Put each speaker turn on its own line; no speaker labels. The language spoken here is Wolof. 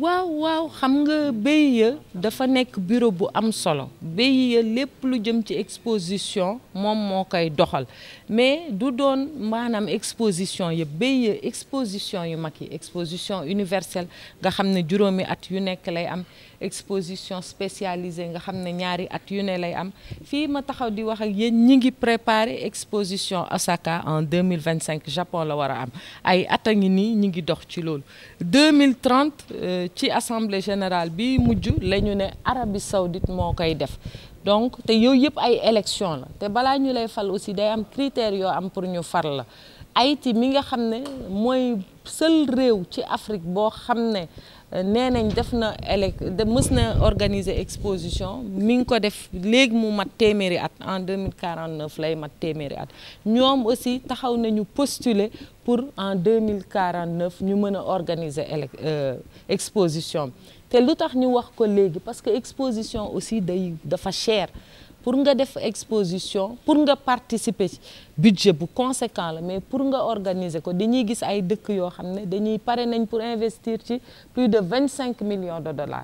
waaw waaw xam nga BIE dafa nekk bureau bu am solo BIE lépp lu jëm ci exposition moom moo koy doxal mais du doon maanaam exposition yëpp BIE exposition yu mag yi exposition universelle nga xam ne juróomi at yu nekk lay am exposition spécialisée nga xam ne ñaari at yu ne lay am fii ma taxaw di wax ak yéen ñi ngi préparer exposition Osaka en 2025 Japon la war a am ay at a ngi nii ñi ngi dox ci loolu 2030 euh, ci assemblée générale bi mujj la ñu ne Arabie Saoudite moo koy def donc te yooyu yëpp ay élection la te balaa ñu lay fal aussi day am critères yoo am pour ñu far la Haïti mi nga xam ne mooy seul réew ci Afrique boo xam ne nee nañ def na de mës na organiser exposition mi ngi ko def léegi mu mat téeméeri at en 2049 lay mat téeméeri at ñoom aussi taxaw nañu postuler pour en 2049 ñu mën a organiser élec euh, exposition te lu tax ñu wax ko léegi parce que exposition aussi day dafa cher pour nga def exposition pour nga participer ci budget bu conséquent la mais pour nga organiser ko dañuy gis ay dëkk yoo xam ne dañuy pare nañ pour investir ci plus de vingt cinq millions de dollars